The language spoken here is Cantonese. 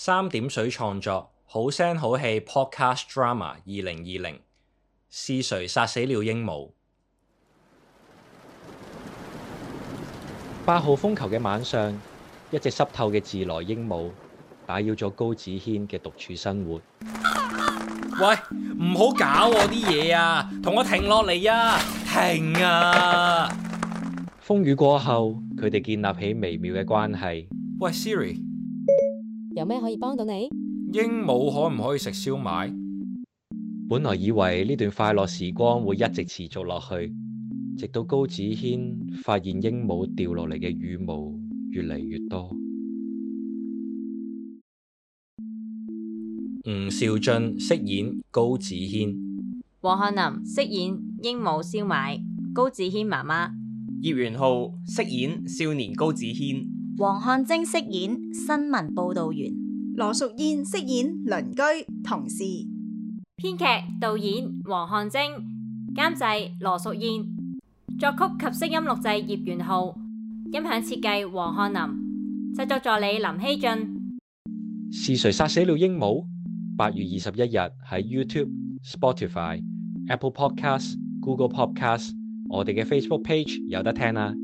三點水創作好聲好氣 Podcast drama 二零二零，是誰殺死了鸚鵡？八號風球嘅晚上，一隻濕透嘅自來鸚鵡打擾咗高子軒嘅獨處生活。喂，唔好搞我啲嘢啊！同我停落嚟啊！停啊！風雨過後，佢哋建立起微妙嘅關係。喂，Siri。有咩可以幫到你？鸚鵡可唔可以食燒賣？本來以為呢段快樂時光會一直持續落去，直到高子軒發現鸚鵡掉落嚟嘅羽毛越嚟越多。吳肇俊飾演高子軒，黃翰淋飾演鸚鵡燒賣，高子軒媽媽，葉元顥飾演少年高子軒。黃翰貞飾演新聞報道員，羅淑燕飾演鄰居同事。編劇、導演黃翰貞，監製羅淑燕，作曲及聲音錄製葉元顥，音響設計黃翰淋，製作助理林熙俊。是誰殺死了鸚鵡？八月二十一日喺 YouTube、Spotify、Apple Podcast、Google Podcast，我哋嘅 Facebook Page 有得聽啊。